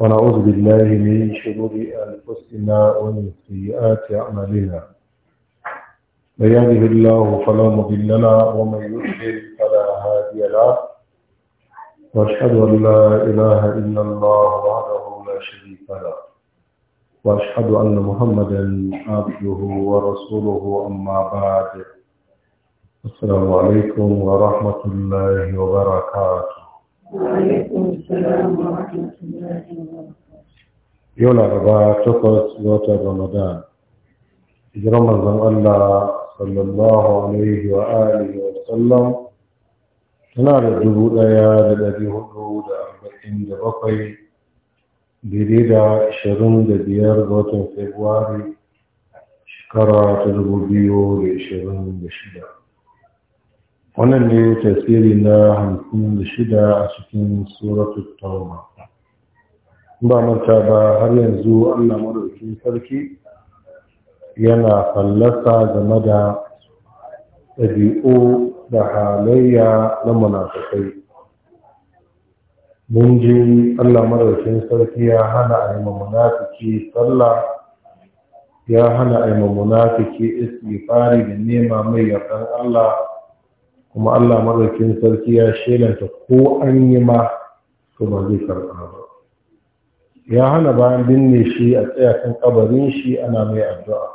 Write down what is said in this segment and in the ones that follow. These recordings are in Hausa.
ونعوذ بالله من شرور أنفسنا ومن سيئات أعمالنا من يهده الله فلا مضل له ومن يضلل فلا هادي له واشهد ان لا اله الا الله وحده لا شريك له واشهد ان محمدا عبده ورسوله اما بعد السلام عليكم ورحمه الله وبركاته Yau laraba takwas watan Ramadan, hijirar manzon Allah sallallahu Alaihi wa Alihi wa sallam tana da dubu ɗaya da ɗari hudu da arba'in da bakwai daidai da ashirin da biyar ga watan Februari shekara ta dubu biyu da ashirin da shida. wannan ne tasiri na hamsin da shida a cikin suratul tauba ba manta ba har yanzu allah madaukin sarki yana fallasa game da ɗabi'u da halayya na munafikai mun ji allah madaukin sarki ya hana a yi munafiki sallah ya hana a yi munafiki fari da nema mai yakan allah kuma Allah madaukin sarki ya shelanta ko an yi ma to ba zai karɓa ba ya hana bayan binne shi a tsaya kan kabarin shi ana mai addu'a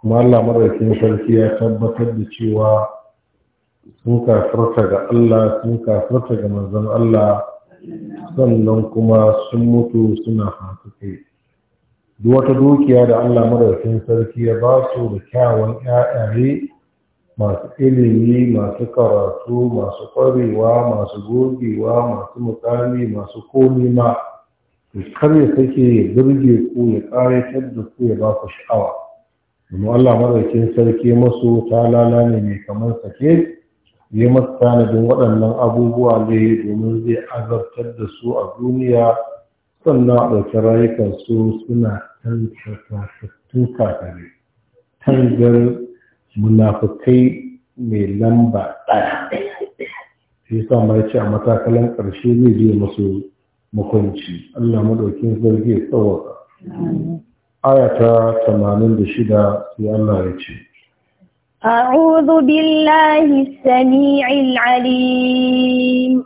kuma Allah madaukin sarki ya tabbatar da cewa sun kafarta ga Allah sun kafarta ga manzon Allah sannan kuma sun mutu suna fasikai duk wata dukiya da Allah madaukin sarki ya ba su da kyawun ƴaƴaye masu ilimi masu karatu masu kwarewa masu gogewa masu mutane, masu komi ma kar ya sake birge ku ya ƙayatar da ku ya ba ku sha'awa domin Allah madaukin sarki masu talala ne mai kamar sake ya masu tanadin waɗannan abubuwa ne domin zai azabtar da su a duniya sannan a ɗauki rayukansu suna tantatattun kakare tangar munafukai mai lamba ɗaya shi yasa ma ya ce a matakalan ƙarshe zai je masu makonci Allah maɗaukin zargi ya tsawaka tamanin da 86 sai Allah ya ce أعوذ بالله السميع العليم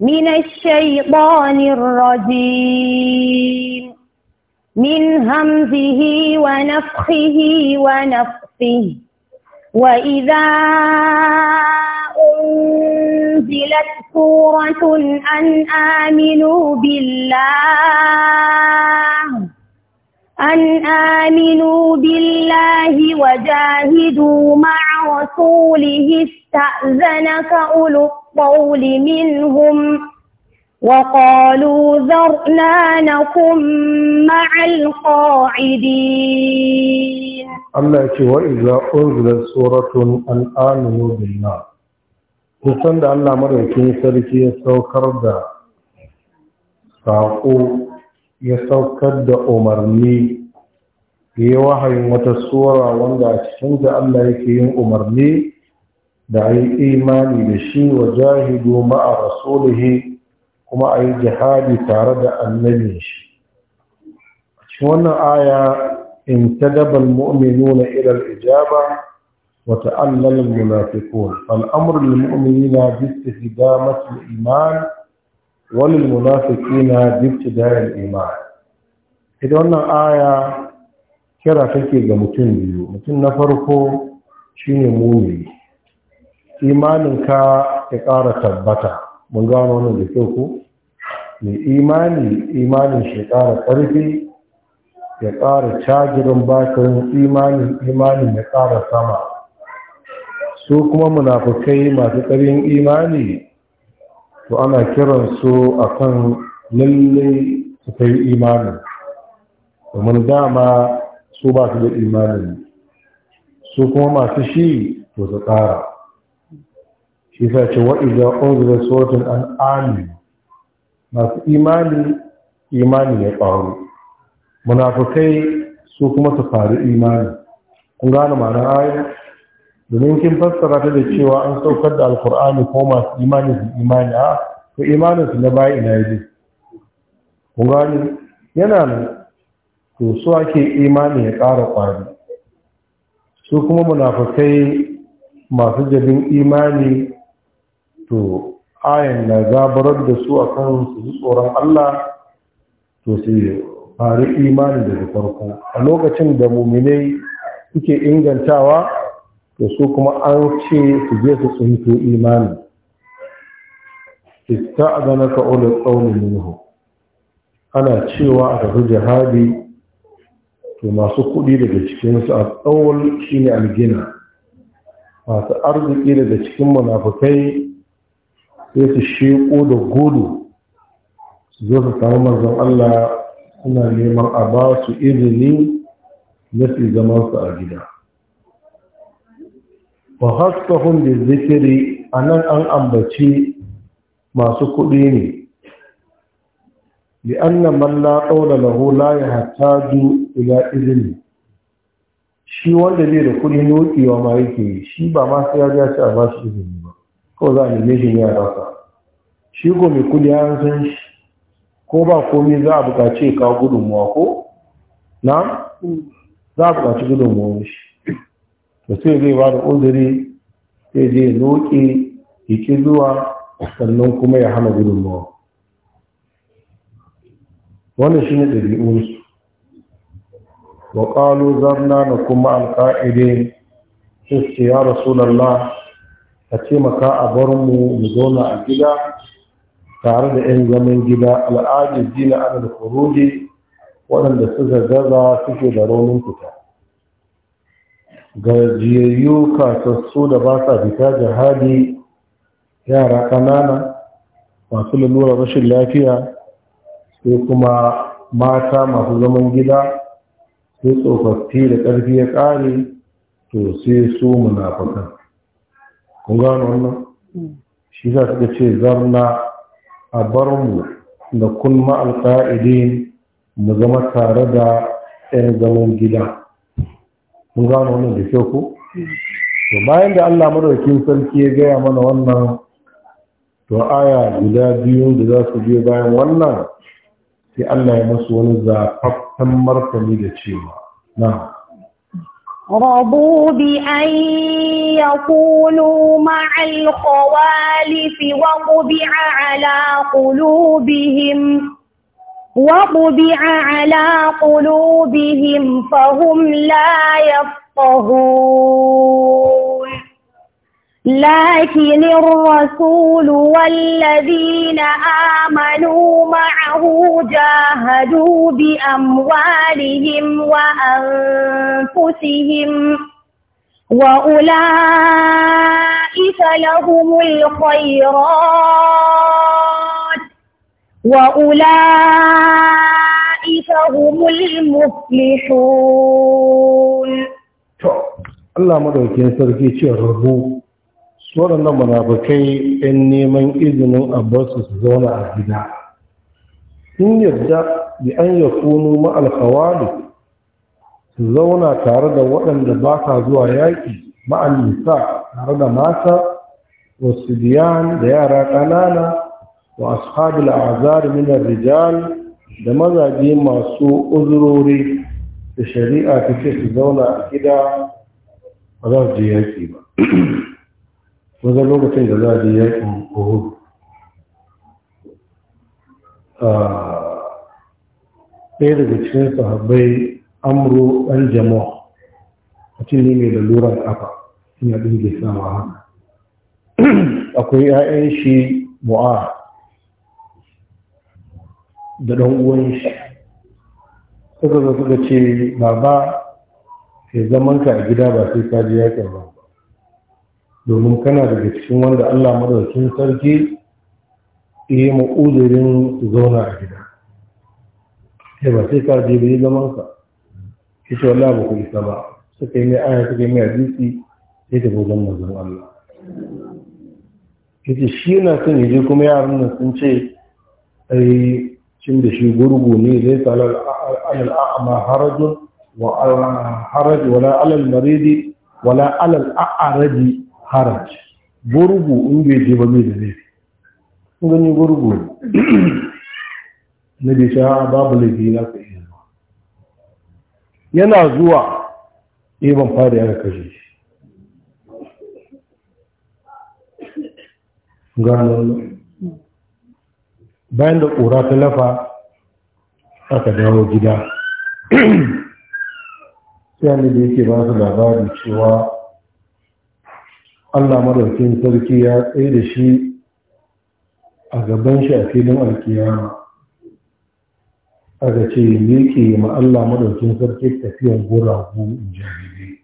من الشيطان الرجيم من همزه ونفخه ونفخه نفسه وإذا أنزلت سورة أن آمنوا بالله أن آمنوا بالله وجاهدوا مع رسوله استأذنك أولو الطول منهم وقالوا ذرنا نكن مع القاعدين الله يقول وإذا أنزلت سورة أن آمنوا بالله Nisan da Allah maraikin sarki ya saukar da saƙo ya saukar da umarni ya yi wahayin wata tsora wanda a cikin da Allah yake yin umarni da a yi imani da shi wa jahidu ma'a rasulihi kuma a yi jihadi tare da annabin shi cikin wannan aya in ta dabal mu'minuna nuna al-ijaba wata ta'allal al-munafiqun fal amru lil mu'minina bi iman wa lil munafiqina bi ibtidai iman ita wannan aya kira take ga mutum biyu mutum na farko shine mu'mini imanin ka ya ƙara tabbata mun gano wannan da kyau ko mai imani imanin shi ƙara ƙarfi ya ƙara cajirin bakin imanin imanin ya ƙara sama su kuma munafukai masu ƙarin imani to ana kiran su a kan lalle su kai imanin domin dama su ba su da imanin su kuma masu shi to su ƙara shi sa ce wa iza unzila suratul masu imani imani ya ƙaru munafukai su kuma su faru imani kun gane mana ayi domin kin fassara ta da cewa an saukar da alkur'ani ko masu imani su imani a ko imani su na bayi ina yi kun gane yana nan to su ake imani ya ƙara ƙwari su kuma munafukai masu jabin imani to ayan na zabarar da su a kan su ji tsoron Allah to su fari imani daga farko a lokacin da muminai suke ingantawa to su kuma an ce su je su tsinto imani ka ulul qawli nuhu. ana cewa a tafi jihadi to masu kuɗi daga cikinsu a tsawon shine algina masu arziki daga cikin munafukai sai su sheƙo da gudu su zo su samu manzon Allah suna neman a ba su izini na su zaman su a gida Ba haska hun da zikiri a nan an ambaci masu kuɗi ne na man la qawla lahu la ju ila izini shi wanda zai da kuɗi nukewa ma yake shi ba ma sai ya ja shi a ba shi izini Ko za a neme shi ne a rasa shi ko mai kudi an san shi ko ba komai za a buƙaci ka gudunmuwa ko na za a buƙaci gudunmuwa shi da sai zai ba da uzuri sai zai loke yake zuwa sannan kuma ya hana gudunmuwa wannan shi ne ɗabi'unsu wa ƙalu zarna na kuma alƙa'ide sai ya rasu rasulallah ka taimaka a bar mu mu zauna a gida tare da 'yan zaman gida al'adun dina ana da kuruji waɗanda suka gaza suke da raunin fita gajiyayyu kasassu da ba sa fita jihadi yara ƙanana masu lalura rashin lafiya sai kuma mata masu zaman gida sai tsofaffi da ƙarfi ya ƙare to sai su munafakan kun gano wannan mm. shi za su ce zarna a bar mu da kun ma'al mu zama tare da 'yan zaman gida kun gano wannan da kyau ko mm. to bayan da Allah madaukin sarki ya gaya mana wannan to aya guda biyu da za su biyo bayan wannan sai Allah ya masu wani zafaffen martani da cewa na رضوا بأن يقولوا مع الخوالف وطبع على قلوبهم وطبع على قلوبهم فهم لا يفقهون لكن الرسول والذين آمنوا معه جاهدوا بأموالهم وأنفسهم وأولئك لهم الخيرات وأولئك هم المفلحون الله مدعوكين سرقية الربو waɗannan munafukai yan neman izinin abbasu su zauna a gida sun yarda da an ya kunu ma'alkawali su zauna tare da waɗanda ba sa zuwa yaƙi ma'al nisa tare da mata wasu biyan da yara ƙanana wa ashabul azar min rijal da mazaje masu uzurori da shari'a ta ce su zauna a gida ba za su je yaƙi ba wajen lokacin da za a je yakin uhud ah, ɗaya daga cikin sahabbai amro ɗan jama'a a ne mai lalurar ƙafa ina ɗin sama haka akwai 'ya'yan shi mu'a da ɗan uwan shi suka zo suka ce baba ya zaman ka a gida ba sai ka ji yakin ba domin kana daga cikin wanda Allah madaukin sarki yi mu uzurin zauna a gida sai ba sai ka je bai zaman ka ita wala ba ku isa ba suka yi mai aya suka yi mai hadisi sai ta wajen mazan Allah yace shi na son yaje kuma yaran nan sun ce ai cin da shi gurgu ne zai tsala al'a'ama harajun wa wala alal maridi wala alal a'araji haraj gurgu ngi bai je ba bai da laifi kun gani gurgu na bai sha babu laifi na ka iya yana zuwa eh ban fara ya kashe nga gano bayan da ƙura ta lafa aka dawo gida sai da yake ba su labari cewa Allah madaukin sarki ya tsaye da shi a gaban shi a filin alkiyama aka ce miƙe ma Allah madaukin sarki tafiyan guragu jahili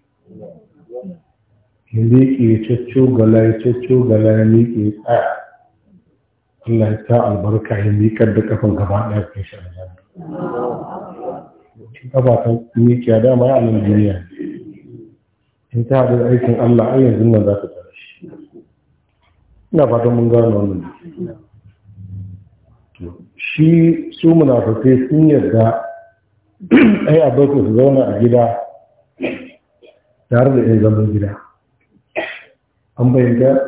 ya miƙe cacco gala ya cacco gala ya miƙe tsaya Allah ya ta albarka ya miƙar da kafan gaba ɗaya kai shi a jami'a. Kafa ta miƙe a dama ya alal duniya ne. in ta haɗu aikin Allah har yanzu nan za ta shi? ina fatan mun gano wannan shi su fafe sun yarda ai a bai su zauna a gida tare da yan zaman gida an bayyana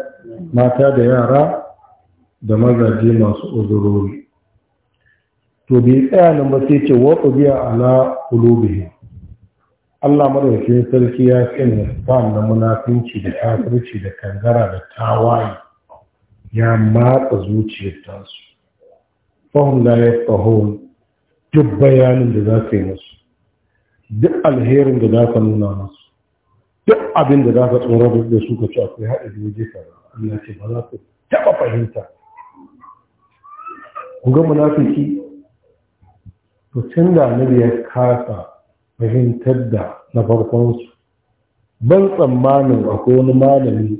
mata da yara da mazaje masu uzurori to bai tsaya nan ba sai ce wa biya ala qulubihim Allah madaukakin sarki ya sanya spam na munafinci da kafirci da kangara da tawaye ya matsa zuciyar tasu fahim ya faho duk bayanin da za ka yi musu duk alherin da za ka nuna musu duk abin da za ka tsoro da su ka ci akwai haɗa da waje ka Allah ce ba za ka taɓa fahimta ku ga munafiki to tun da annabi ya kasa fahimtar da na farkonsu ban tsammanin akwai wani malami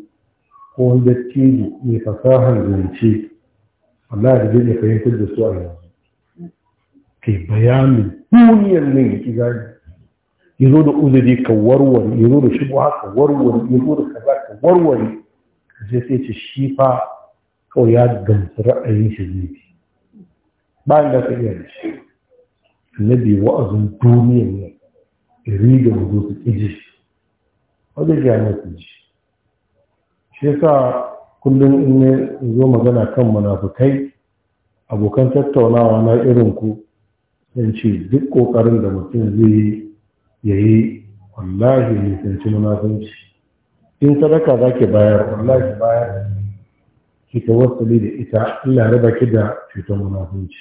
ko wani dattijo mai fasahar zance Allah da zai fahimtar da su a yanzu ke bayanin duniyar nan ya ki gani ya zo da uzuri ka warware ya zo da shigo haka warware ya zo da kaza ka warware ka sai sai ce shi fa kawai ya gamsu ra'ayin shi zai bi bayan da ka iya da shi annabi wa'azin duniyar nan riga da zo su ƙiji wadda gane su ji shi sa kullum in zo magana kan munafukai abokan tattaunawa na irin ku sun ce duk ƙoƙarin da mutum zai ya yi wallahi ne sun ci munafunci in sadaka za ki bayar wallahi bayar ki ta wasali da ita Allah ya raba ki da cutar munafunci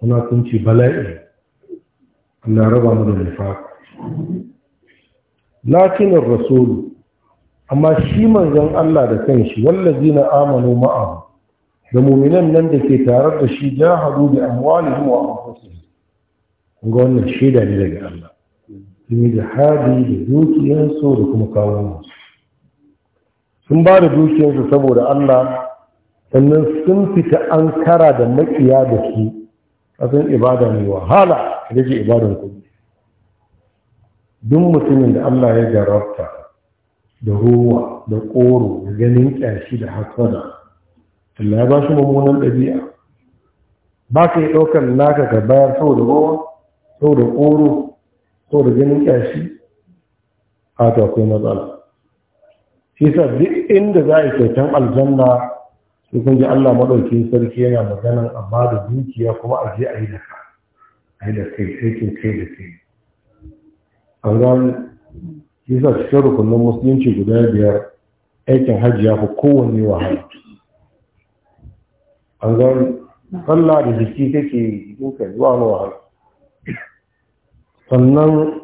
munafunci bala'i Allah raba mu da nifaq lakin ar-rasul amma shi manzon Allah da kanshi wallazina amanu ma'ahu da mu'minan nan da ke tare da shi jahadu bi amwalihim wa anfusihim ga wannan shaida ne daga Allah sun jihadi da dukiyarsu da kuma kawo sun ba da dukiyarsu saboda Allah sannan sun fita an kara da makiya da su kasan ibada mai wahala rage ibadan kuɗi duk mutumin da Allah ya jarabta da ruwa da ƙoro da ganin ƙyashi da hasada Allah ya ba shi mummunan ɗabi'a ba ka yi ɗaukar naka ga bayar sau da ruwa sau da ƙoro sau da ganin ƙyashi a ta akwai matsala shi sa duk inda za a yi kyautan aljanna sai kun ji Allah maɗauki sarki yana maganan a da dukiya kuma a je a yi da ka ai da kai ke kai da kai a gani yasa cikin rukunin musulunci guda biyar aikin hajji ya fi kowanne wahala A gani sallah da jiki kake yi duka zuwa na wahala sannan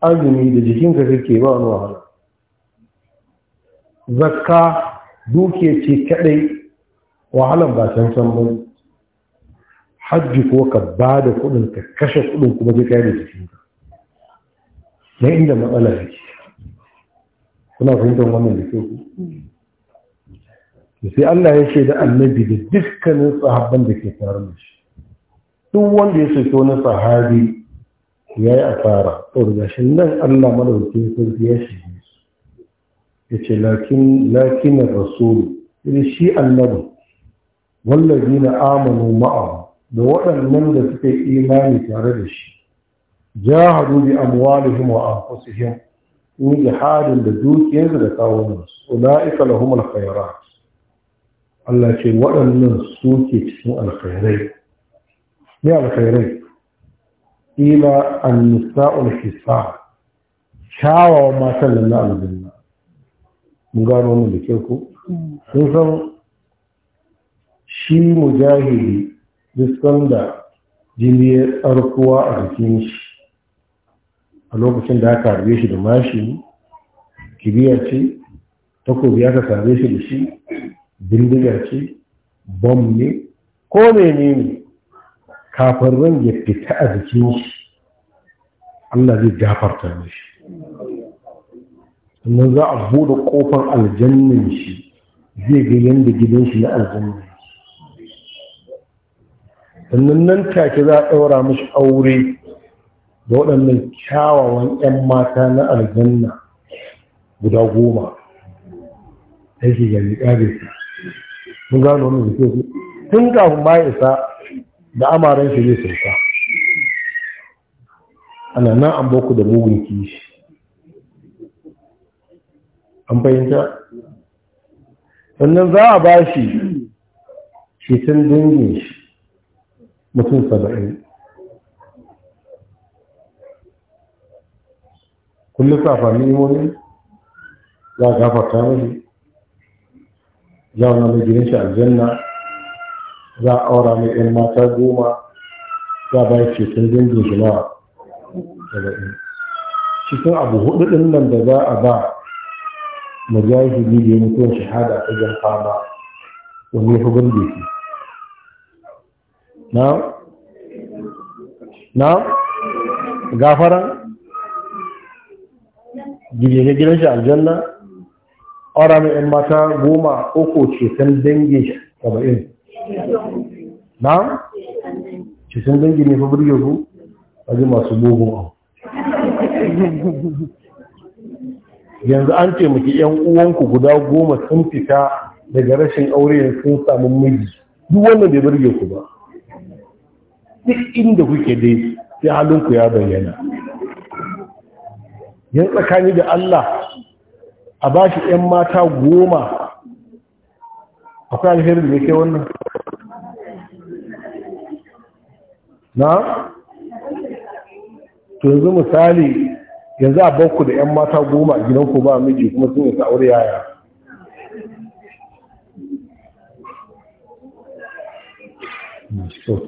azumi da jikinka kake ba wani wahala zakka duke ce kadai wahalan ba can san bane hajji ko ka ba da kuɗin ka kashe kuɗin kuma zai kare jikin ka na inda matsala yake kuna fahimtar wannan da kyau sai Allah ya shaida da annabi da dukkanin sahabban da ke tare da shi duk wanda ya soke wani sahabi ya yi asara to da shi nan Allah madaukakin sarki ya shige su ya ce lakin lakin rasul shi annabi wallazina amanu ma'ahu da waɗannan da suka yi imani tare da shi jahadu bi amwalihim wa anfusihim in jihadin da dukiyarsu da kawunansu ulaika lahum alkhairat Allah ce waɗannan suke cikin alkhairai ne alkhairai ila an-nisa'ul hisa kyawawan matan nan na aljanna mun gano mun da kyau ko sun san shi mujahidi duk da jini ya tsarkuwa a jikin shi a lokacin da aka harbe shi da mashi kibiyar ce takobi aka same shi da shi bindigar ce bom ne ko ne ne kafin ran ya fita a jikin shi Allah zai gafarta shi. sannan za a buɗe kofar aljannin shi zai ga yanda gidan shi na aljannin sannan nan take za a ɗaura mashi aure da waɗannan kyawawan 'yan mata na aljanna guda goma yake gari ƙare su mun gano wani da ke tun kafin ma isa da amaren shi zai sauka ana nan an boku da mugun kishi an fahimta sannan za a ba shi shi tun dangin shi mutum saba'in kullum safa ni'imomi za a gafarta mashi za a mai gidan shi aljanna za a aura mai yan mata goma za a bayan cikin dangin shi nawa saba'in cikin abu hudu ɗin nan da za a ba majahidi da mutuwa shahada ta jan fama wani ya fi shi na na gafara gidaje gidan shi aljanna aura mai yan mata goma uku ce san dangi saba'in na ce san dangi ne fa burge ku a ji masu bugun abu yanzu an taimaki yan uwanku guda goma sun fita daga rashin aure sun samu miji duk wannan bai birge ku ba duk inda kuke dai sai halinku ya bayyana yan tsakani da Allah a ba shi 'yan mata goma akwai alherin da yake wannan na? tunzu misali yanzu a bakku da 'yan mata goma a gidanku ba miji kuma sun yi sa'ur yaya so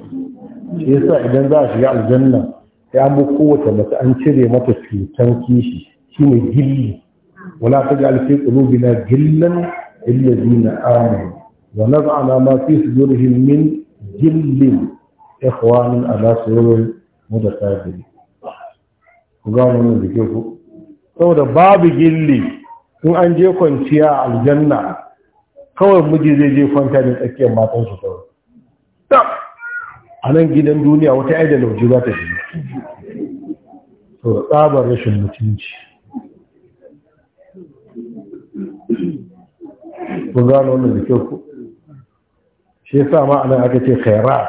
shi yasa idan za a shiga aljanna ya mu kowace mata, an cire mata cutan kishi shi ne gilli wala alfai fi qulubina gillan lillazina amanu wa na ma fi sudurihim min gillin ikhwanin ala sururin mutasabiri ku ga wani da ke ku saboda babu gilli in an je kwanciya a aljanna kawai miji zai je kwanta ne tsakiyar matan shi kawai a nan gidan duniya wata ai da lauje ba ta shiga to tsabar rashin mutunci kun gano wannan da kyau ku shi sa ma nan aka ce khaira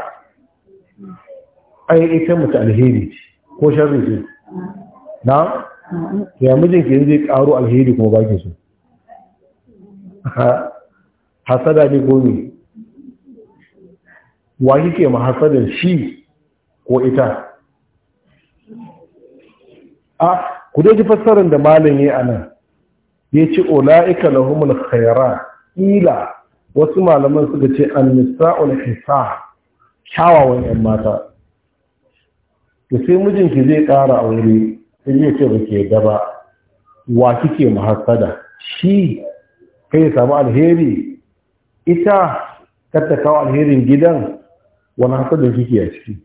ai ita mutu alheri ce ko sharri ce na ya mijin ke zai karo alheri kuma ba su so hasada ne ko wa kike mahasadar shi ko ita a ku dai ji fassarar da malam ya anan ya ce ula'ika lahumul khayra ila wasu malaman suka ce an-nisa'ul hisa kyawawan yan mata to sai mijinki zai ƙara aure sai ya ce ba ke ba. wa kike mahasada. shi kai ya samu alheri ita kawo alherin gidan wani da kike a ciki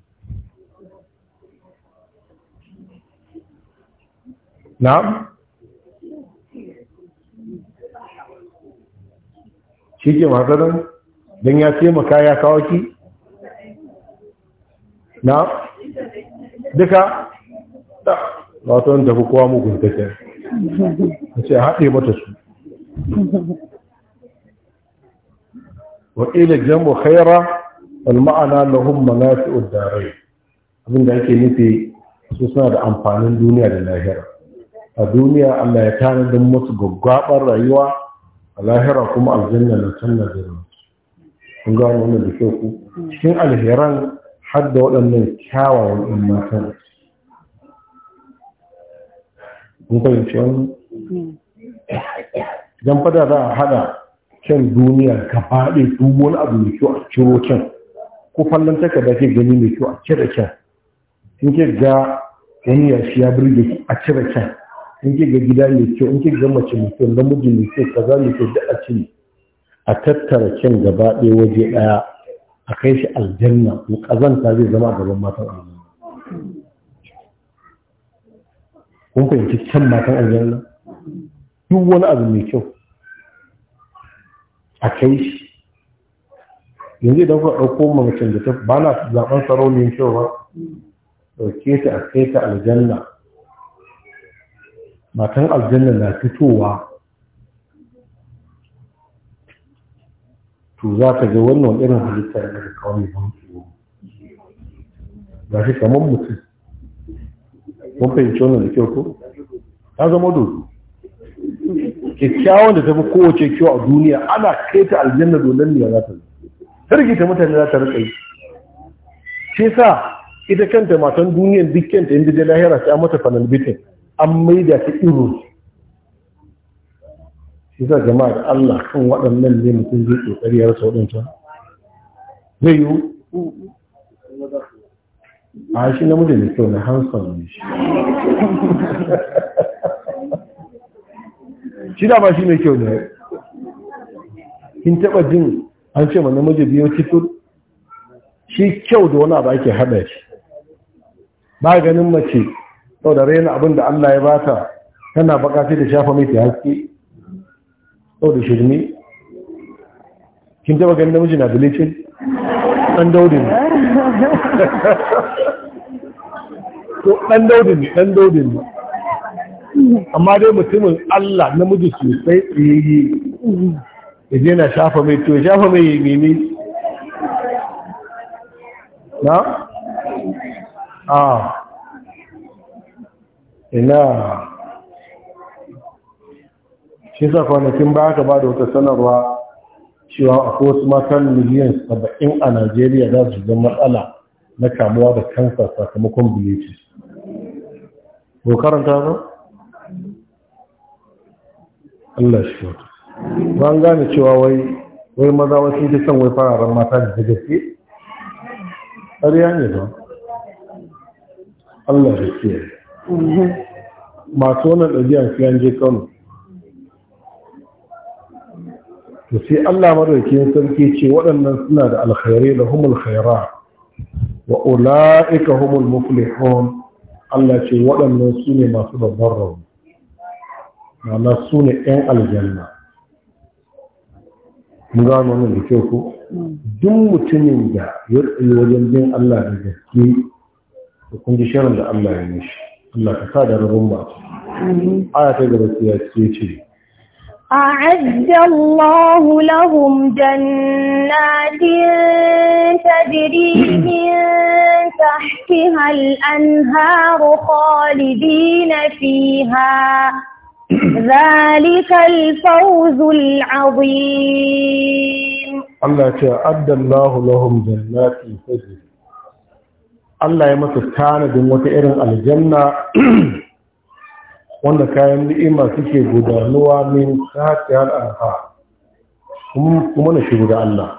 Na? shi ke hasadin don ya maka ya kawo ki Na? duka da wato wanda tafi kowa mugun a ce a haɗe mata su wa ila jambo khaira wal ma'ana lahum manafi'ud darai abin da ake nufi su suna da amfanin duniya da lahira a duniya Allah ya tanadar musu gaggabar rayuwa a lahira kuma aljanna na can na zira kun gano wannan da kyau ku cikin alheran har da waɗannan kyawawan ɗin matan kun fahimci wani idan fada za a haɗa kyan duniya ka faɗi duk wani abu mai kyau a ciro kyan ko fallon takarda ke gani mai kyau a cire kyan in ke ga wani yashi ya burge ki a cire kyan in ke ga gida mai kyau in ke ga mace mai kyau namiji mai kyau kaza mai kyau da a cire a tattara kyan gaba ɗaya waje ɗaya a kai shi aljanna mu kazanta zai zama a gaban matan aljanna kun fahimci kyan matan aljanna duk wani abu mai kyau a kai shi yanzu idan kuka ɗauko mamacin da ta ba na zaɓen sarauniyar kyau ba ɗauke ta a kai ta aljanna matan aljanna na fitowa to za ta ga wannan irin halitta ya daga kawai ban ba. ga shi kamar mutum Mun fahimci wannan da kyau ko ta zama dodo kyakkyawan da ta fi kowace kyau a duniya ana kai ta aljanna dolan ne za ta zama ta mutane za ta rika yi shi sa ita kanta matan duniyan dukkan ta inda da lahira sai an mata fanal bitin an maida ta iro shi sa jama'a da Allah kan waɗannan ne mutum zai kokari ya rasa waɗancan zai yi a shi namiji mutane kyau na hanson ne shi shi da ba shi mai kyau ne kin taɓa jin an ce ma namiji biyu titur shi kyau da wani abu ake haɗa shi ba ganin mace sau da raina abin da Allah ya bata tana baka da shafa mai haske sau da shirme kin taba ganin namiji na bilicin ɗan daudi ne ɗan daudi ne ɗan daudi ne amma dai mutumin Allah namiji sosai tsayayye yaje yana shafa mai to shafa mai mimi na a ina shi sa kwanakin ba ka ba da wata sanarwa cewa akwai wasu matan miliyan saba'in a najeriya za su zama matsala na kamuwa da kansa sakamakon bilici ko karanta ba? Allah shi wata ban gane cewa wai wai maza wasu ke son wai fararen mata da ta gaske ƙarya ne ba Allah da ke masu wannan ɗabi'a su je kano Ta sai Allah yin sarki ce waɗannan suna da alkhairai da humul khaira wa ula'ika humul muflihun Allah ce waɗannan su ne masu babbar rauni ma'ana su ne 'yan aljanna mun gano wannan da kyau ko duk mutumin da ya tsaye wajen bin Allah da gaske da kun ji shirin da Allah ya mishi Allah ka sa da rabon ba aya ta gaba ya ce ce أعد الله لهم جنات تجري من تحتها الأنهار خالدين فيها Allah ya ce الله تعد الله لهم جنات تجري Allah ya masa tanadin wata irin aljanna wanda kayan ni'ima suke gudanuwa min sa'atil arha kuma na shigo da Allah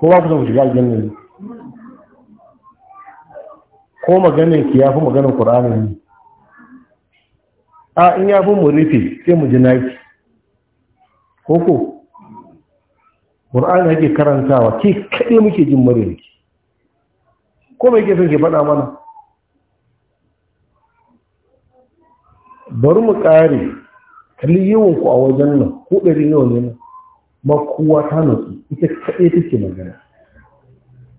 ko ba ku san shiga aljanna ne ko maganin ki yafi maganin Qur'ani ne a in yafi mu rufe sai mu ji naki Ko-ko ko qur'ani yake karantawa ki kade muke jin muryar ki ko me yake son ki faɗa mana bari mu ƙare kalli yawan ku a wajen nan ko ɗari nawa ne ma kowa ta nutsu ita kaɗai take magana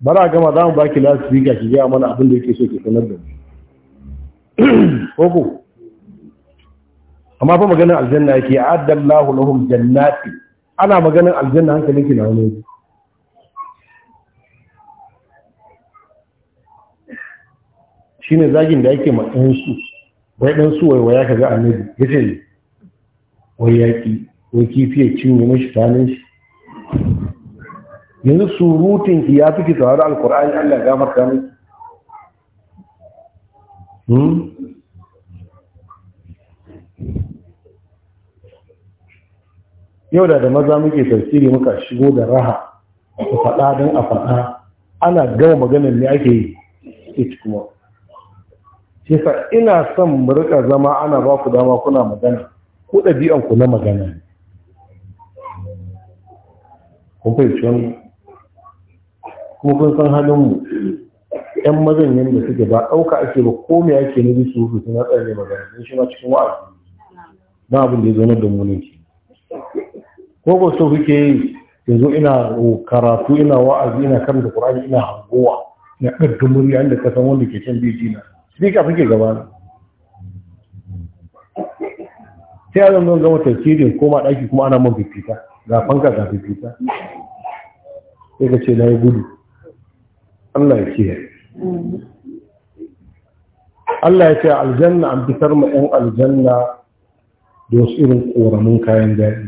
bara gama za mu baki lasifika ki gaya mana abin da yake so ke sanar da mu Koko. amma fa maganin aljanna yake addallahu lahum jannati ana maganin aljanna hankalin ki na wani shine zagin da yake ma ɗan su wai ɗan su waiwaya kaga annabi yace wai yaki wai kifi ya cinye mishi tanin shi yanzu surutun ya fi ki alkur'ani Allah ya gafarta ne hmm? yau da da maza muke tafsiri muka shigo da raha a faɗa don a faɗa ana gama maganin ne ake yi it kuma ina son mu zama ana ba ku dama kuna magana ku ɗabi'anku na magana Kuma fahimci wani. kuma kun san halinmu yan mazan yadda suke ba ɗauka ake ba ko me ake nufi su su suna tsare magana sun shi ma cikin wa'azi na abin da ya zo da mu ne ko ba so kuke yi yanzu ina karatu ina wa'azi ina karanta qur'ani ina hangowa ina ɗaggan murya inda ka san wanda ke can jina. na speaker kuke gaba na sai a zama gama tafsirin koma ɗaki kuma ana man fifita ga fanka ga fifita sai ka ce na yi gudu Allah ya kiyaye Allah ya ce aljanna an fitar mu 'yan aljanna da wasu irin ƙoramin kayan daɗi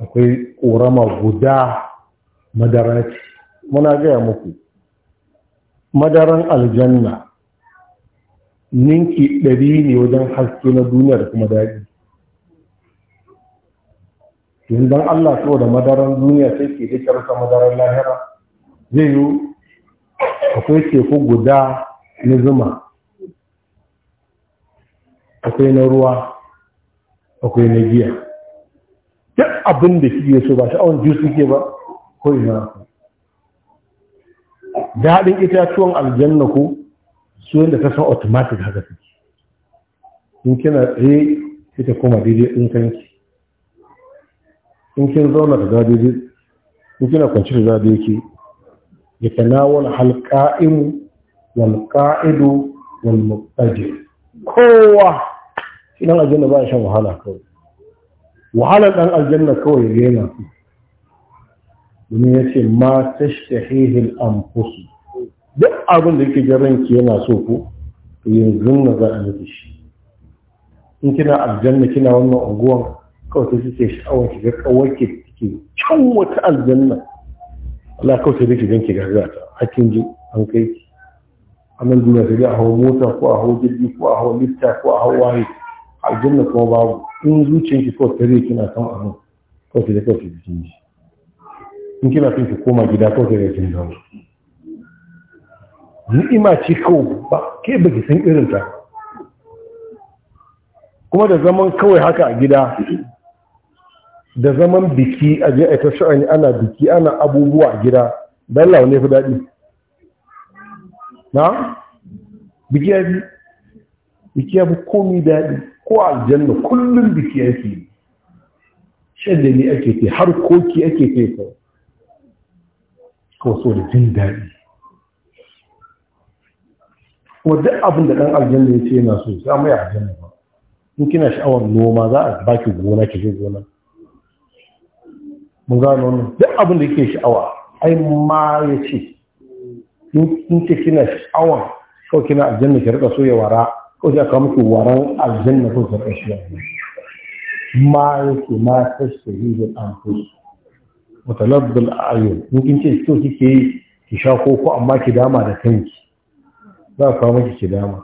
akwai ƙorama guda madara ce muna gaya muku madaran aljanna ninki ɗari ne wajen haske na duniya da kuma daɗi yanzu Allah so da madaran duniya sai ke da karsa madaran lahira zai yi akwai teku guda na zuma akwai na ruwa akwai na giya duk abin da kike so ba sha'awar jus suke ba ko ina daɗin itatuwan aljanna ko su yadda ta san automatic haka suke in kina tsaye sai ta koma daidai ɗin kanki in kin zauna da daidai in kina kwanci da daidai ke يتناولها القائم والقائد والمضطجع kowa shi dan aljanna ba shan wahala kawai wahalar dan aljanna kawai ya yana su domin ya ce ma duk abin da yake jaran ki yana so ku, to yanzu na za a miki shi in kina aljanna kina wannan unguwan kawai sai kike sha'awar ki ga kawai ki can wata aljanna Allah kawai sai ki ganki gagara ta hakkin ji an kai a nan duniya sai a hau mota ko a hau jirgi ko a hau lifta ko a hau waye aljanna kuma babu in zuciyarki kawai tare kina son abin kawai sai kawai ki ji in kina son ki koma gida kawai sai kin dawo ni'ima ce kawai ba ke baki san irin ta kuma da zaman kawai haka a gida da zaman biki a je a sha'ani ana biki ana abubuwa a gida don lawa ne fi daɗi na biki ya bi biki ya fi komi daɗi ko aljanna kullum biki ya fi shan da ne ake har koki ake ke kai kawo so da jin daɗi kuma duk abin da ɗan aljanna ya ce yana so sai mai aljanna ba in kina sha'awar noma za a baki gona ki je gona mun gano wannan duk abin da yake sha'awa ai ma ya ce in ce kina sha'awa ko kina aljanna ki rika so ya wara ko ya kawo muku waran aljanna ko ki rika shiya ma ya ce ma ta shi da mutalab bil ayun in kin ce so kike yi ki sha koko amma ki dama da kanki za ka kawo miki ki dama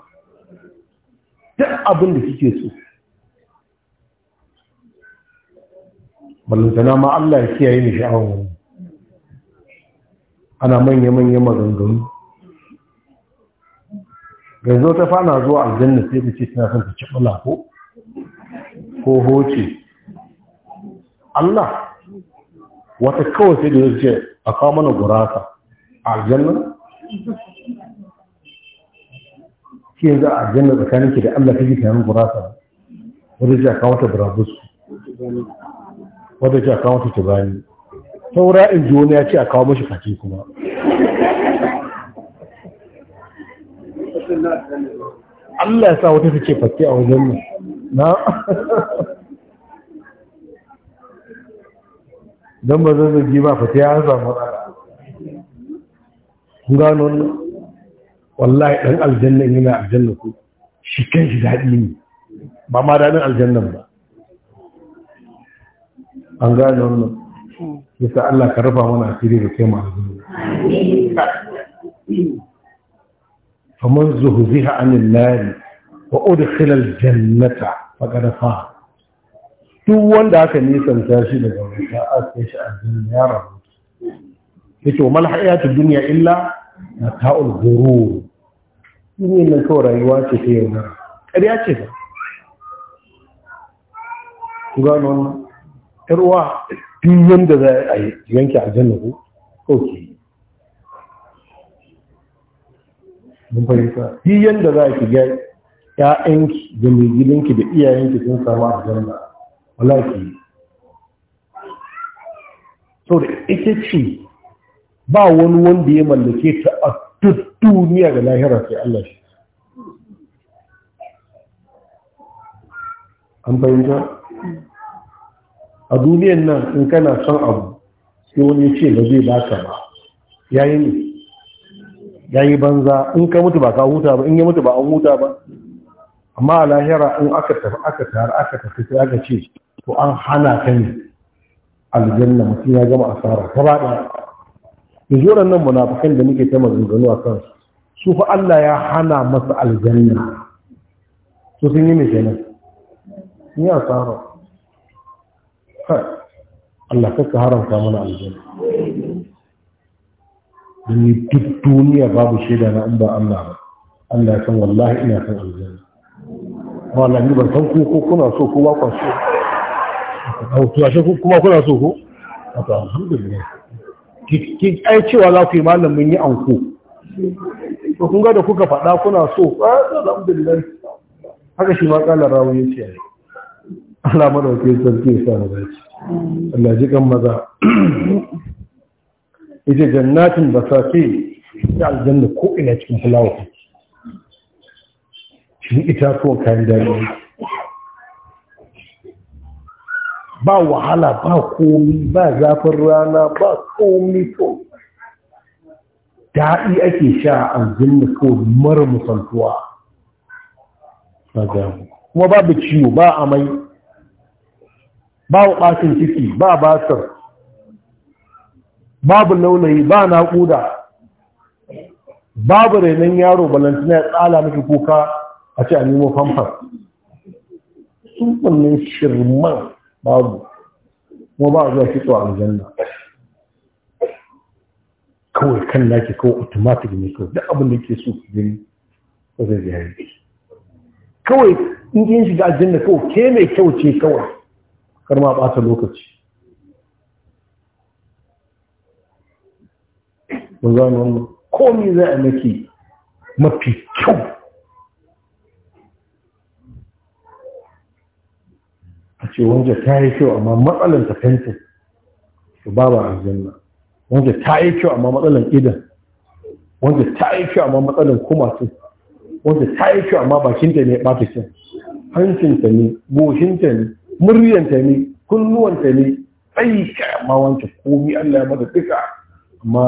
duk abin da kike so ballantana ma Allah ya kiyaye ni sha'awar ana manya-manya maganganu yanzu ta fana zuwa aljanna sai ta ce tana son ta ci ko ko hoce Allah wata kawai sai da ya ce a kawo mana gurasa a aljanna shi yanzu a aljanna tsakaninki da Allah ta ji kayan gurasa wadda ce a kawo ta burabus wadda ce a kawo mata tubani saura in ji wani ya ce a kawo mashi fati kuma Allah ya sa wata ta ce fati a wajen mu na don ba zan zagi ba fati ya samu gano wannan wallahi ɗan aljannan yana aljanna ku shi kan shi daɗi ne ba ma daɗin aljannan ba an gane wannan hmm. yasa Allah ka rufa mana asiri da kai mu azumi faman zuhziha anil nar wa udkhila al jannata faqad fa duk wanda aka nisanta shi daga wuta aka shi a aljanna ya rabu yace wa mal hayatud dunya illa mata'ul ghurur duniya nan kawai rayuwa ce ta yaudara ƙarya ce ba gano yar biyan duk yanda za a yi yanke aljanna ko ok mun fahimta duk yanda za ki gaya ƴaƴanki da mai gidanki da iyayenki sun samu aljanna wala yi, so da ita ce ba wani wanda ya mallake ta a duk duniya da lahira sai Allah shi an fahimta a duniyan nan in kana son abu sai wani ce ba zai baka ba yayi ne yayi banza in ka mutu ba ka huta ba in ya mutu ba an huta ba amma a lahira in aka tafi aka tare aka tafi sai aka ce to an hana ka ne aljanna mutum ya gama asara ta ba da yanzu nan munafikan da muke ta maganganu a kan su fa Allah ya hana masa aljanna su sun yi mai kenan sun yi asara Allah kaka haramta mana aljanna don duk duniya babu shaida na ba Allah ba Allah ya san wallahi ina san aljanna wala ni ban san ku ko kuna so ko ba ku so a to ku kuma kuna so ko to alhamdulillah kin ai cewa za ku yi malam mun yi anko to kun ga da kuka faɗa kuna so ah, alhamdulillah haka shi ma kala rawu yace Allah maɗauki sarki ya sa mu dace Allah ji kan maza Ije jannatin basati ta aljanna ko ina cikin fulawa shi itatuwa kayan dami. ba wahala ba komi ba zafin rana ba komi to daɗi ake sha a aljanna ko mara musantuwa kuma babu ciwo ba amai Babu ɓacin ciki ba basir babu launayi ba naƙuda babu renon yaro balantina ya tsala miki kuka a ce a nemo famfar sun wannan shirman babu kuma ba a zuwa fito a aljanna kawai kan naki kawai automatic ne kawai duk abin da ke so ku ko zai zai kawai in yin shiga aljanna kawai ke mai kyau ce kawai kar ma ɓata lokaci mun gano wannan komi za a maki mafi kyau a ce wanda ta yi kyau amma matsalan ta fenta su ba ba aljanna wanda ta yi kyau amma matsalan idan wanda ta yi kyau amma matsalan kumatu wanda ta yi kyau amma bakinta ne ya ɓata kyau hancinta ne goshinta ne muryanta ne kunnuwanta ne aika ka ma wanke komi Allah ya mata duka amma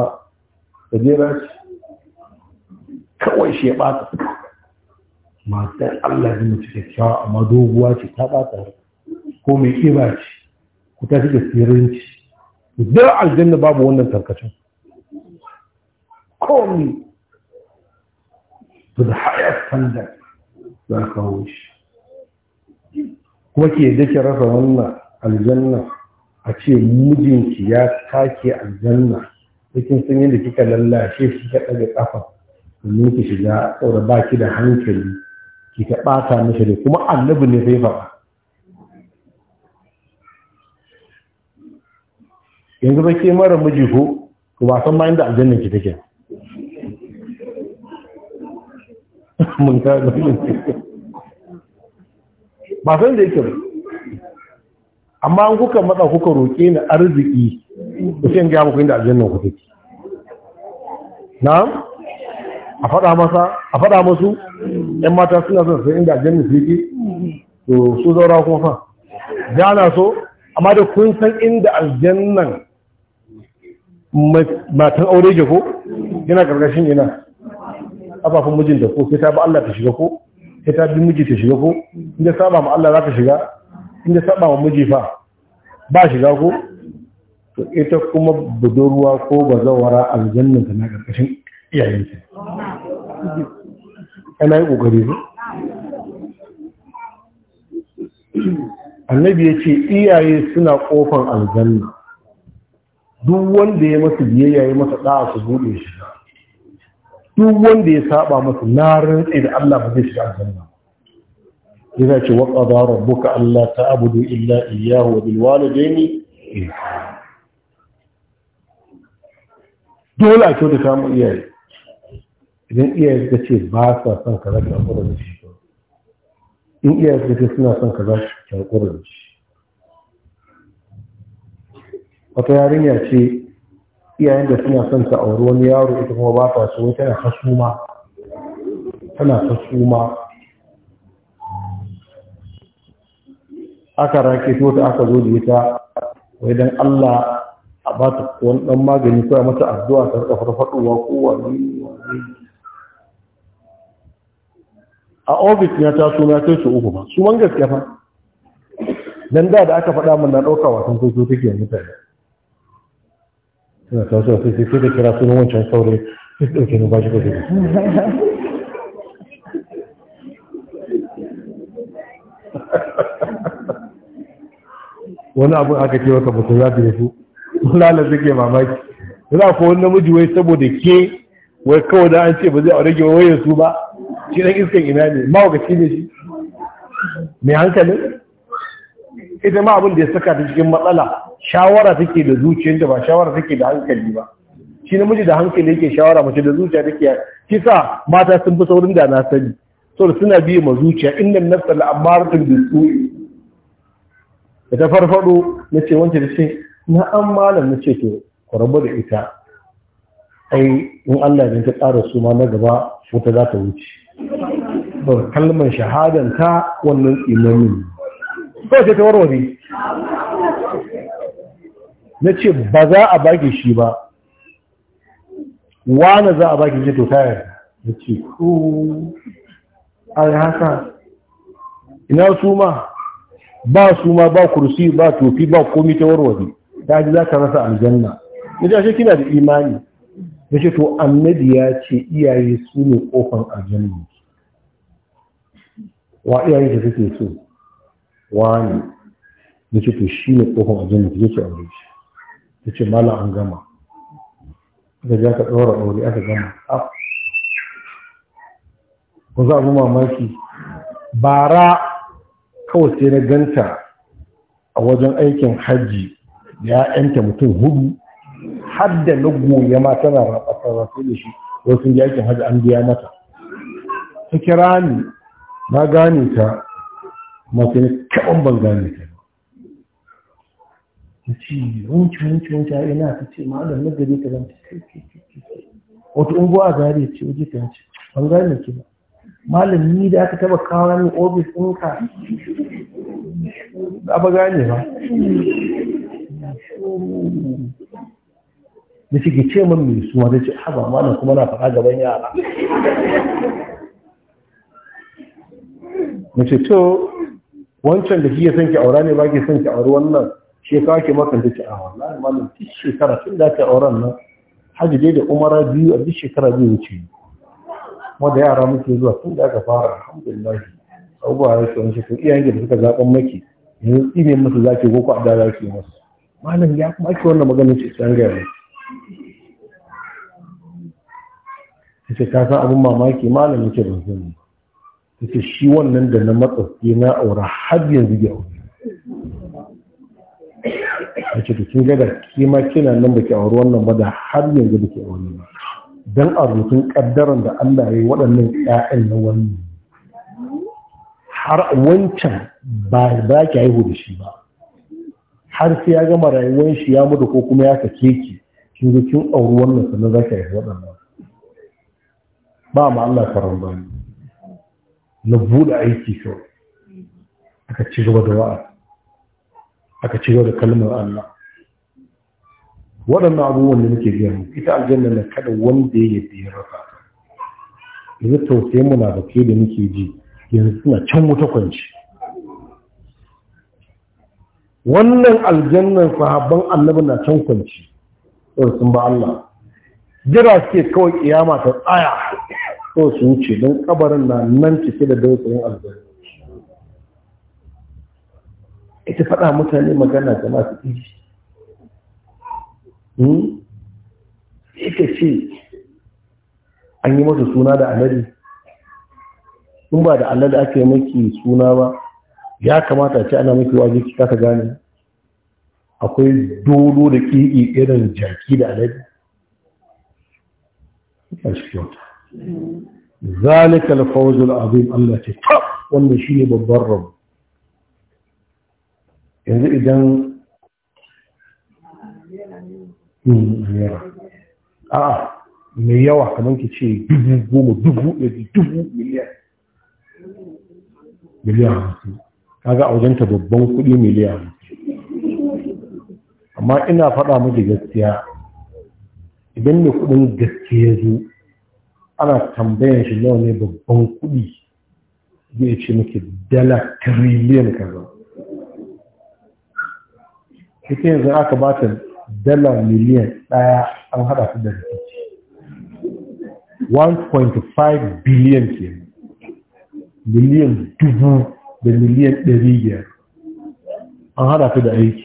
gajera ce kawai shi ya ɓata matar Allah ya mace kyakkyawa amma doguwa ce ta ɓata ko mai ƙiba ce ku ta da ci. duk aljanna babu wannan tarkacin komi to da haya standard za ka kawo shi kuma ke da ke rasa wannan aljanna a ce mijinki ya take aljanna cikin sun yadda kika lallashe kika ɗaga ƙafa domin ki shiga saboda ba ki da hankali ki ka ɓata mishi da kuma annabi ne sai faɗa yanzu ba ke mara miji ko ku ba san bayan da aljanna ki take mun ka ba san da yake ba amma an kuka matsa kuka roƙe ni arziki ku sai ga muku inda aljanna ku take na'am a faɗa masa a fada musu ƴan mata suna son sai inda aljanna su yake to su zaura kuma fa na so amma da kun san inda aljannan matan aure ke ko yana gargashin ina abafin mijinta ko sai ta ba Allah ta shiga ko ya ta bi miji ta shiga ko in saba ma Allah za ta shiga in saba ma miji fa ba shiga ko to ita kuma budurwa ko bazawara aljanna ta na karkashin ta ana yi kokari ne annabi ya ce iyaye suna kofan aljanna duk wanda ya masa biyayya ya masa da'a su buɗe shi duk wanda ya saba masa na rantsi da Allah ba zai shiga aljanna Yana za ce waƙa za rabbuka Allah ta abudu illa iyahu wa bilwala jini dole a kyauta samun iyaye idan iyaye suka ce ba sa son ka zaka haƙura da shi in iyaye suka ce suna son ka zaka haƙura da shi wata yarinya ce iyayen da suna son ta auri wani yaro ita kuma ba ta so tana ta tana ta suma aka rake to ta aka zo da ita wai dan Allah a ba ta wani dan magani ko a mata addu'a ta rika farfadowa ko wani a ofis ya ta suna kai su uku ba su man gaskiya fa dan da da aka faɗa min na ɗauka wasan kwaikwayo take mutane suna kawo sai sai da kira sunan wancan saurayi sai su ɗauke ba shi ɗauke wani abin aka ce wata mutum za ta yasu lalar zai mamaki za ko wani namiji wai saboda ke wai kawai da an ce ba zai aure gewa wayar su ba shi ɗan iskan ina ne ma shi ne shi mai hankali ita ma abin da ya saka ta cikin matsala shawara take da zuciyar da ba shawara take da hankali ba shi namiji da hankali yake shawara mace da zuciya take shi Kisa mata sun fi saurin da na sani so suna bi ma zuciya innan nafsa al'amaratun bi su'i da ta farfado na ce wance da ce na an malam na ce to ku rabu da ita ai in Allah ya ta tsara su ma na gaba wuta za ta wuce kalmar shahadan ta wannan imanin ko ce ta warware na ce ba za a baki shi ba wane za a baki shi to tayar na ce ko a haka ina su ma ba su ma ba kursi ba tofi ba komi ta warware ta ji za ka rasa aljanna na ce ashe kina da imani na ce to annabi ya ce iyaye su ne kofan aljanna wa iyaye da suke so wani na ce to shi ne kofan aljanna ta ce a wuce ya ce mala an gama da ya ka ɗora ɗori aka gama ah. ku za abu mamaki bara kawai sai na ganta a wajen aikin hajji ya yanta mutum hudu Hadda da na goya ma tana rafa rafi da shi wasu ya aikin hajji an biya mata ta kira ni na gane ta masu ne kaɓan ban gane ta ta wancan ina ta ce malam na gari ta wata unguwa a ce waje ta gane ki ba malam ni da aka taba kawo ni ofis ɗinka da ba gane ba da ce min da ce wancan da shi son ki aura ne ba ki son ki auri wannan shekara ka ke makanta ce a ah, wallahi malam duk shekara tun da ake auren nan hajji dai da umara biyu a duk shekara biyu wuce kuma da yara muke zuwa tun da aka fara alhamdulillah abubuwa ya shi wani shekaru iyayen da suka zaɓan maki yanzu tsine musu zaki ko ku adada zaki musu malam ya kuma ake wannan maganin ce san gaya ne ta ce ka san abin mamaki malam yake da zan ta ce shi wannan da na matsatsi na aura har yanzu ya ake ce kin gada ke kima kina nan baki auri wannan ba da har yanzu baki auri ba dan a rubutun kaddaran da Allah ya yi waɗannan ƴaƴan na wannan har wancan ba za ki haihu da shi ba har sai ya gama rayuwar shi ya mutu ko kuma ya sake ki kin ga kin auri wannan sannan za ki haihu waɗannan ba ma Allah karan ba na buɗe aiki kawai aka ci gaba da wa'a aka ciro da kalmar Allah waɗannan abubuwan da muke gani ita aljanna na kada wanda ya yi rafa yanzu tausayin mu na da ke da muke ji yanzu suna can wuta kwanci wannan aljannan sahabban annabi na can kwanci sau sun ba Allah jira suke kawai kiyama ta tsaya sau sun wuce don kabarin na nan cike da dausayin aljanna ita faɗa mutane magana da masu ɗiji hmm? ita ce an yi masa suna da alade in ba da alade ake maki suna ba ya kamata ce ana maki waje ki kasa gane akwai dolo da ƙiƙi irin jaki da hmm. alade ce ta. Wannan shi ne babbar rabu. yanzu idan hmm, 'a mai yawa kamar ki ce dubu goma dubu ɗari dubu miliyan miliyan hamsin kaga a wajenta babban kuɗi miliyan amma ina faɗa miki gaskiya idan mai kuɗin gaskiya zo ana tambayan shi nawa ne babban kuɗi zai ce miki dala tiriliyan kaza ita yanzu aka ba ta dala miliyan ɗaya an hada su da rikici 1.5 biliyan ke miliyan dubu da miliyan ɗari biyar an hada su da aiki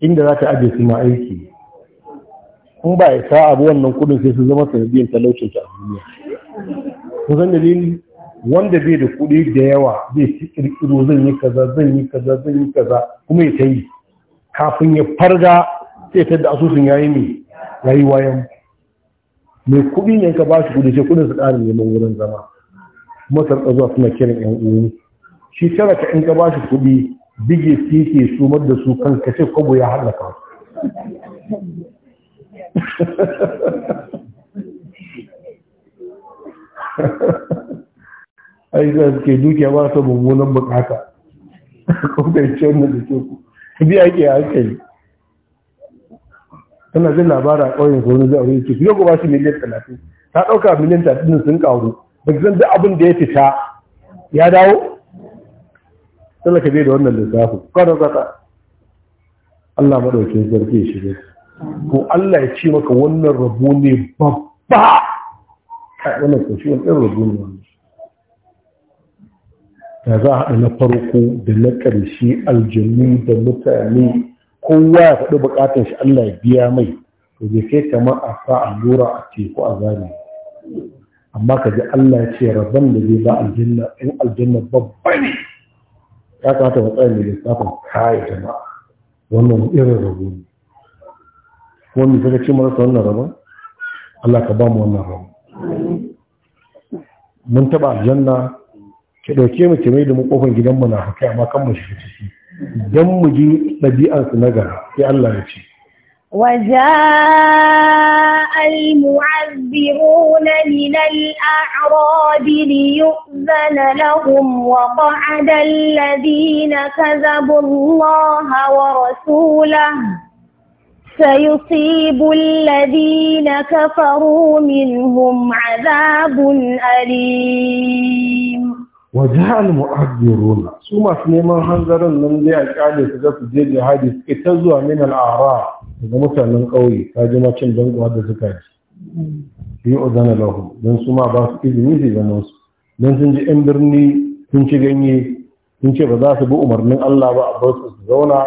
inda za ta ajiye su ma aiki in ba ya sa abu wannan kudin sai su zama sanadiyar talaucin ta a duniya kun san dalili wanda bai da kuɗi da yawa zai ci ƙirƙiro zan yi kaza zan yi kaza zan yi kaza kuma ya ta yi kafin ya farga sai ta da asusun yayi ne rayuwa wayan mai kuɗi ne ka ba shi kuɗi sai kuɗin su ƙara neman wurin zama Masar sarƙa zuwa suna kiran yan uwan shi saraka in ka ba shi kuɗi bige yake su da su kan kashe kwabo ya halaka ai za su ke dukiya ba su mummunan bukata kuma ya ce mu da ke ku bi ake hankali tana jin labara a ƙauyen sauran zai aure ce yau ba shi miliyan talatin ta ɗauka miliyan talatin sun ƙaru ba zan da abin da ya fita ya dawo tana ka da wannan lissafin kwanan zata Allah maɗauki sarki shi ne ko Allah ya ce maka wannan rabu ne babba wannan ko shi wani irin rabu ne da za a haɗa na farko da na ƙarshe aljannu da mutane kowa ya faɗi buƙatar shi Allah ya biya mai to bai kai kamar a sa allura a teku a zane amma ka ji Allah ya ce rabban da zai ba aljanna in aljanna babba ne ya kamata mu tsaya ne lissafin kayan jama'a wannan irin rabo ne kuma mai saka ce marasa wannan rabon Allah ka ba mu wannan rabon mun taɓa aljanna ki ɗauke mu ki mai da mu kofar gidan mu na haka amma kan mu shiga ciki dan mu ji ɗabi'ar su na gara sai Allah ya ce وجاء المعذرون من الأعراب ليؤذن لهم وقعد الذين كذبوا الله ورسوله سيصيب الذين كفروا منهم عذاب أليم wajen mu'abbiruna su masu neman hanzarin nan zai a kyale su su je jihadi suke ta zuwa min al'ara daga mutanen ƙauye ta ji macin dangowa da suka ji su yi ozana lahu don su ma ba su izini su zaman su don sun ji yan birni sun ci ganye sun ce ba za su bi umarnin allah ba a bar su su zauna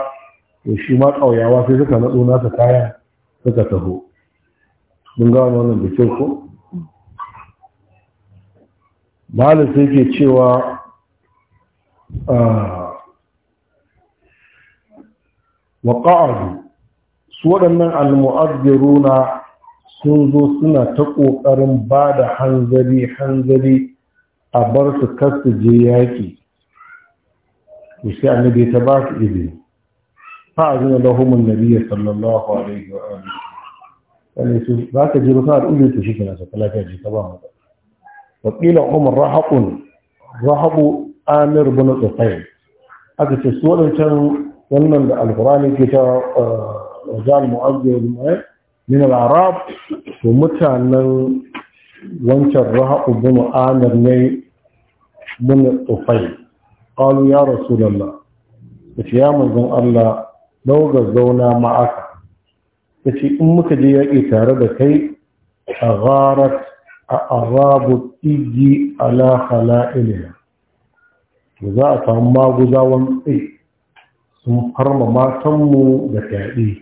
to shi ma ƙauyawa sai suka natsu ta kaya suka taho mun gano wannan da kyau ko malin sai ke cewa ah, wa ƙa'adu su waɗannan na sun zo suna ta ƙoƙarin ba da hanzari hanzari a bar su kasu je yaƙi to sai da ta ba su izini fa azina lahumun nariya sallallahu alaihi wa'adu wani su za ka je ba ka da izini to shi kenan ka lafiya ji ta ba mu wakila umar rahaqun rahabu amir bin tsufayin aka ce su waɗancan wannan da alkurani ke ta wajen mu'azzir mai al-arab to mutanen wancan rahabu bin amir ne bin tsufayin qalu ya rasulullah yace ya manzon Allah dauga zauna ma'aka yace in muka je yaki tare da kai a gharat a arabu tigi ala hala'iliya to za a samu maguzawan tsaye sun farma matanmu da fyaɗe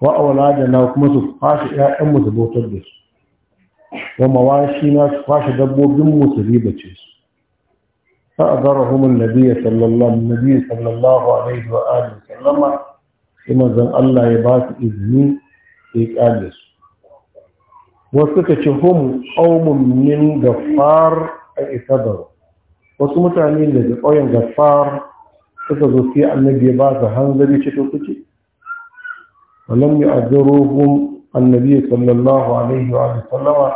wa'aula da na kuma su fashe ‘ya'yanmu su bautar da su wa mawashi na su fashe dabbobinmu su ribace su فأذرهم النبي صلى الله النبي صلى الله عليه وآله وسلم كما زن الله يبات إذني يقال wasu suka ci hum qaumun min ghaffar ay sabaru wasu mutane daga ƙauyen ghaffar suka zo sai annabi ya ba su hanzari ce to kuce walam yu'adhiruhum annabi sallallahu alaihi wa sallama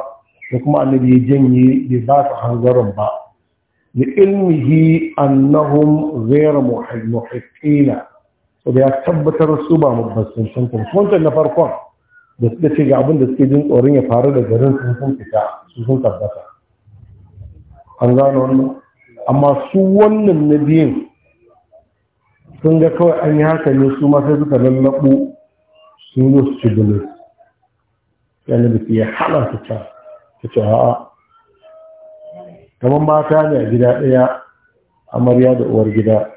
da kuma annabi ya janye bai ba su hanzarin ba da ilmihi annahum ghayra muhiqqina so da ya tabbatar su ba mubassin tantan wannan na farkon da suka ce ga abin da suke jin tsoron ya faru da garin sun sun fita su sun tabbata an gano wannan amma su wannan na biyun sun ga kawai an yi haka ne su ma sai suka lallaɓo sun zo su ci bulu yana da fiye hana su ta ta ce a'a kamar mata ne a gida ɗaya amarya da uwar gida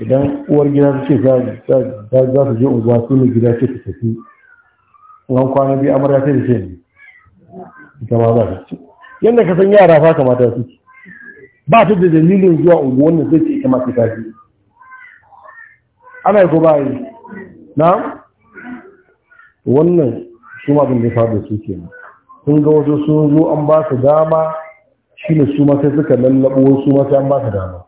idan uwar gida su ce za su je unguwa su ne gida ce ta tafi an kwana biyu amarya sai da ne ita ma za ta ci. yadda ka san yara fa kamata su ba ta da dalilin zuwa unguwar da zai ce ita ma tafi ana yi ko ba yi na wannan su ma abin da faru da su ke sun ga wasu sun zo an ba su dama shi ne su ma sai suka lallabo wasu ma sai an ba su dama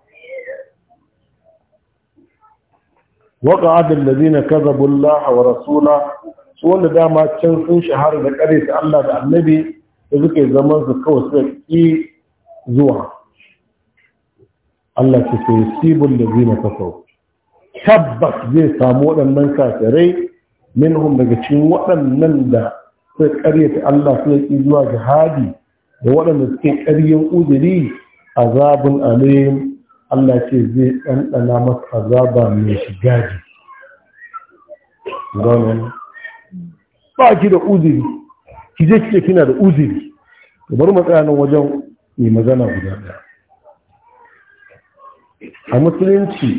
وقع الذين كذبوا الله ورسوله su wanda dama can sun shahara da kare su Allah da annabi da suke zaman su kawai suka ƙi zuwa Allah ce ke sibul da zina sau. tabbas zai samu waɗannan kafirai minhum daga cikin waɗannan da suka ƙaryata Allah suka ƙi zuwa jihadi da waɗanda suke ƙaryen uzuri zabin alim Allah ce zai ɗanɗana masa azaba mai shiga ji. Gwamnati. ba ki da uziri. ki je kike kina da uzuri to bari mu tsaya nan wajen mai magana guda ɗaya a musulunci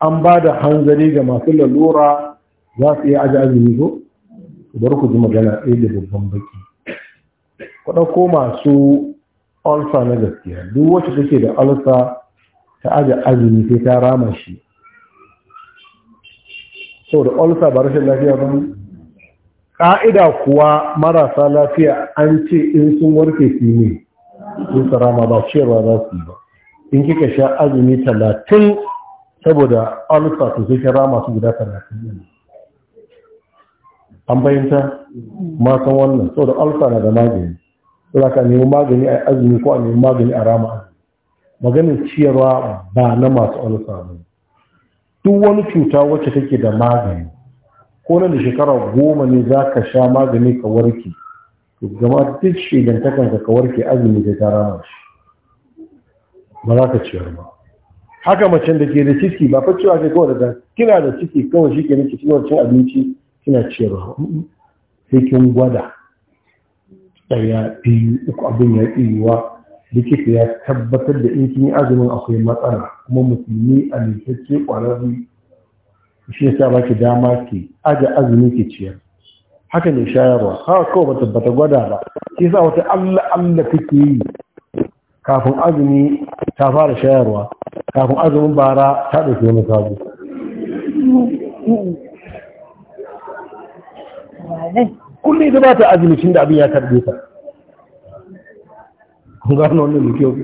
an ba da hanzari ga masu lalura za su iya aji azumi ko bari ku ji magana ɗaya da babban baki ku ɗauko masu alsa na gaskiya duk wacce take da alsa ta aji azumi sai ta rama shi sau da alsa ba rashin lafiya ba ne ƙa'ida kuwa marasa lafiya an ce in sun warke su ne in tsarama ba cewa za su yi ba in kika sha azumi talatin saboda alfa su sai kira masu guda talatin ne. an bayanta masan wannan saboda alfa na da magani za ka nemi magani a azumi ko a nemi magani a rama azumi maganin ciyarwa ba na masu alfa ne duk wani cuta wacce take da magani ko nan da shekara goma ne za ka sha magani ka warke to gama duk shegantakanka ka warke azumi da ta rana shi ba za ka ciyar ba haka mace da ke da ciki ba fa cewa ke kawai da kina da ciki kawai shi ke nake cikin cin abinci kina ciyar ba sai kin gwada ɗaya biyu uku abin ya tsiyuwa likita ya tabbatar da in kin yi azumin akwai matsala kuma musulmi a likitacce ƙwararri shi sa baki dama ki aje azumi ki ciyar haka ne shayarwa haka kawai bata tabbata gwada ba shi sa wata Allah Allah kake yi kafin azumi ta fara shayarwa kafin azumin bara ta dace wani sabo kullum ita ba ta azumi da abin ya karbe ta kun gano wannan da kyau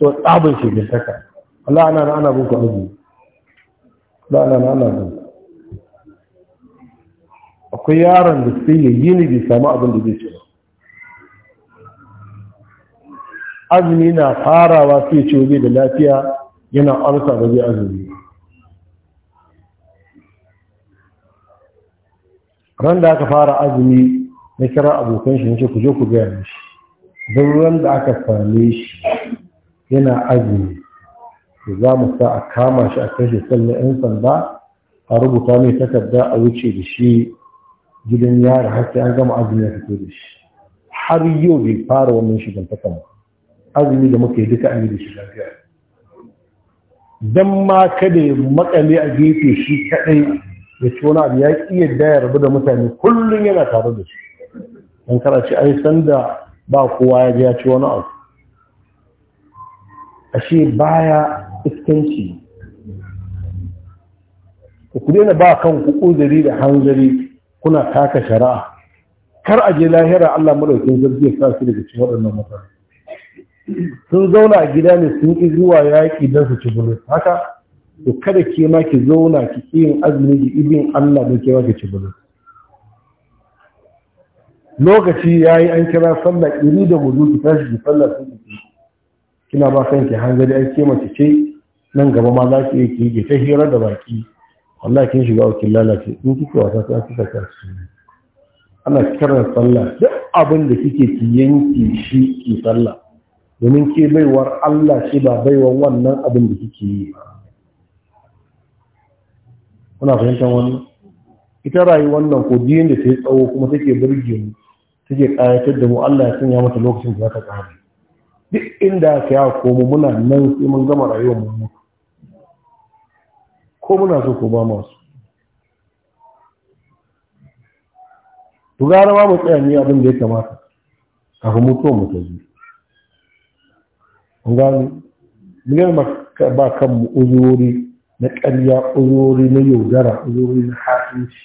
to tsabin ka Allah ana ana boko azumi Allah ana na ana boko akwai yaron da sai ya yi ne bai samu abin da zai ce ba azumi na farawa sai ce da lafiya yana arsa da zai azumi ran da aka fara azumi na kira abokan shi ce ku je ku gaya shi don ran da aka same shi yana azumi za mu sa a kama shi a kashe sannan 'yan sanda a rubuta mai takarda a wuce da shi gidan yara har sai an gama azumi ya fito da shi har yau bai fara wannan shigan ta kama azumi da muka yi duka an yi da shi lafiya dan ma kada ya makale a gefe shi kadai ya ci wani abu ya ƙi yadda ya rabu da mutane kullum yana tare da su an kara ce ai sanda ba kowa ya ji ya ci wani abu ashe baya iskanci ku daina ba kan ku uzuri da hanzari kuna taka shari'a kar a je lahira Allah madaukin zargi ya sa su daga cikin waɗannan mutane sun zauna a gida ne sun ƙi zuwa yaƙi don su ci bulu haka to kada ke ma ki zauna ki yin azumi ki ƙi Allah don ke ma ki ci bulu lokaci ya yi an kira sallah iri da wuzu ki tashi ki sallah sun ki kina ba kanki hanzari an ke mace ce nan gaba ma za ki iya ki ta hira da baki wallahi kin shiga wakil lalace in kike wasa sai kika ka ana kiran sallah duk abin da kike ki shi ki sallah domin ke baiwar Allah shi ba baiwar wannan abin da kike yi kuna fahimtar wannan ita rayuwar nan ko diyin da ta tsawo kuma take burge mu take kayatar da mu Allah ya sanya mata lokacin da za ta kare duk inda ka yawo komo muna nan sai mun gama rayuwar mu ko muna so ko ba masu ku gara ma mu tsaya ni abin da ya kamata kafin mutuwan mu ta zo an gano miliyar ba kanmu uzuri na ƙarya uzuri na yaudara uzuri na hatinci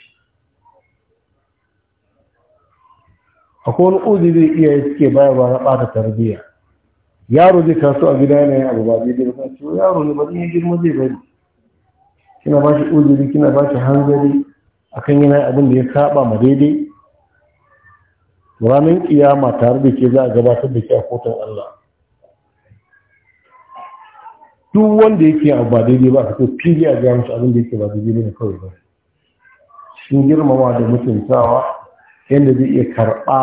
akwai wani uzi zai iya yi suke baya ba na ɓata tarbiyya yaro zai taso a gida yana yin abu ba zai girma ce yaro ne ba zai girma zai bari kina ba shi uzuri kina ba shi hanzari kan yana abin da ya saba ma daidai ranar kiyama tare da ke za a gabatar da ke a kotun Allah duk wanda yake a ba daidai ba a to fili a ga musu abin da yake ba daidai ne kawai ba sun girmama da mutuntawa yadda zai iya karɓa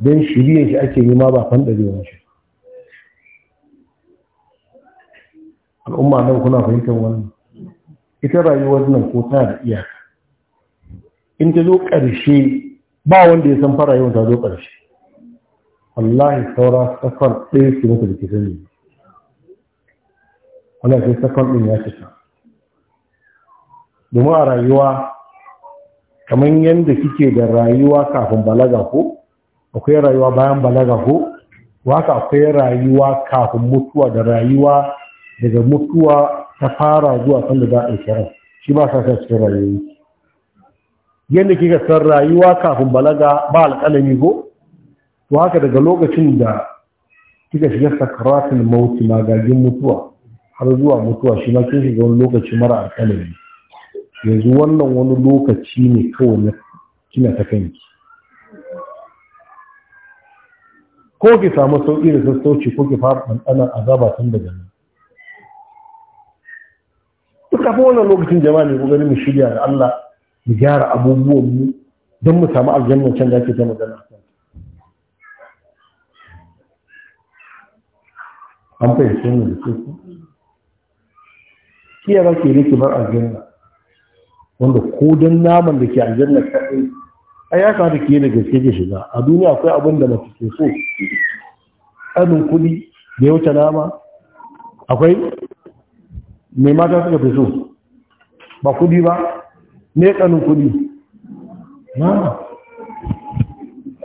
don shirya shi ake nema ba fan ɗari zai shi al'umma nan kuna fahimtar wannan ita rayuwar nan ko tana da iyaka in ta zo ƙarshe ba wanda ya san fara yawan ta zo ƙarshe wallahi saura safar ɗaya su mutu da ke sani wannan sai safar ɗin ya cika domin a rayuwa kamar yadda kike da rayuwa kafin balaga ko akwai rayuwa bayan balaga ko waka akwai rayuwa kafin mutuwa da rayuwa daga mutuwa ta fara zuwa sanda za a yi shirin shi ba sa cikin rayuwa yadda kika san rayuwa kafin balaga ba alƙalami ko to haka daga lokacin da kika shiga sakaratin mauti magagin mutuwa har zuwa mutuwa shi ma kin shiga wani lokaci mara alƙalami yanzu wannan wani lokaci ne kawai na kina ta kanki ko ki samu sauƙi da sassauci ko ki fara ɗanɗanar azaba tun daga nan duk kafin wannan lokacin jama'a ne ganin mu shirya da Allah mu gyara abubuwan mu don mu samu aljanna can da ake ta magana an fahimci mu da su ku, ba ke rike bar aljanna wanda ko don naman da ke aljanna kaɗai ai ya kamata ki yi da gaske ke shiga a duniya akwai abin da mace ke so ƙarin kuɗi da ya wuce nama akwai ma mata suka fi so ba kudi ba me kanin kudi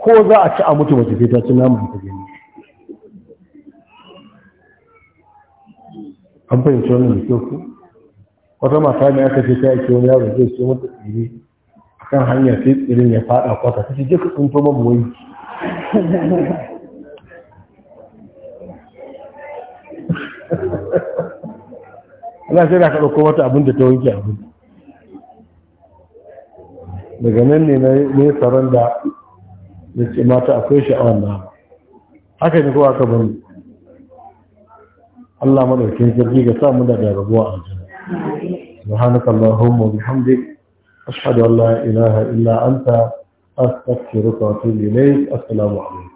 ko za a ci a mutu mace sai ci naman ta gani an fahimci wannan da kyau ko wata mata ne aka ce ta yake wani yaro zai ce mata tsiri a kan hanyar sai tsirin ya fada kwata ta ce je ka ina sai da ka ɗauko wata abin da ta wanke abin daga nan ne na tsaron da ya ce mata akwai sha'awar na haka ne kowa ka bari Allah maɗaukin sarki ga samu da rabuwa a jini subhanaka allahumma bihamdik ashhadu an la ilaha illa anta astaghfiruka wa atubu ilayk assalamu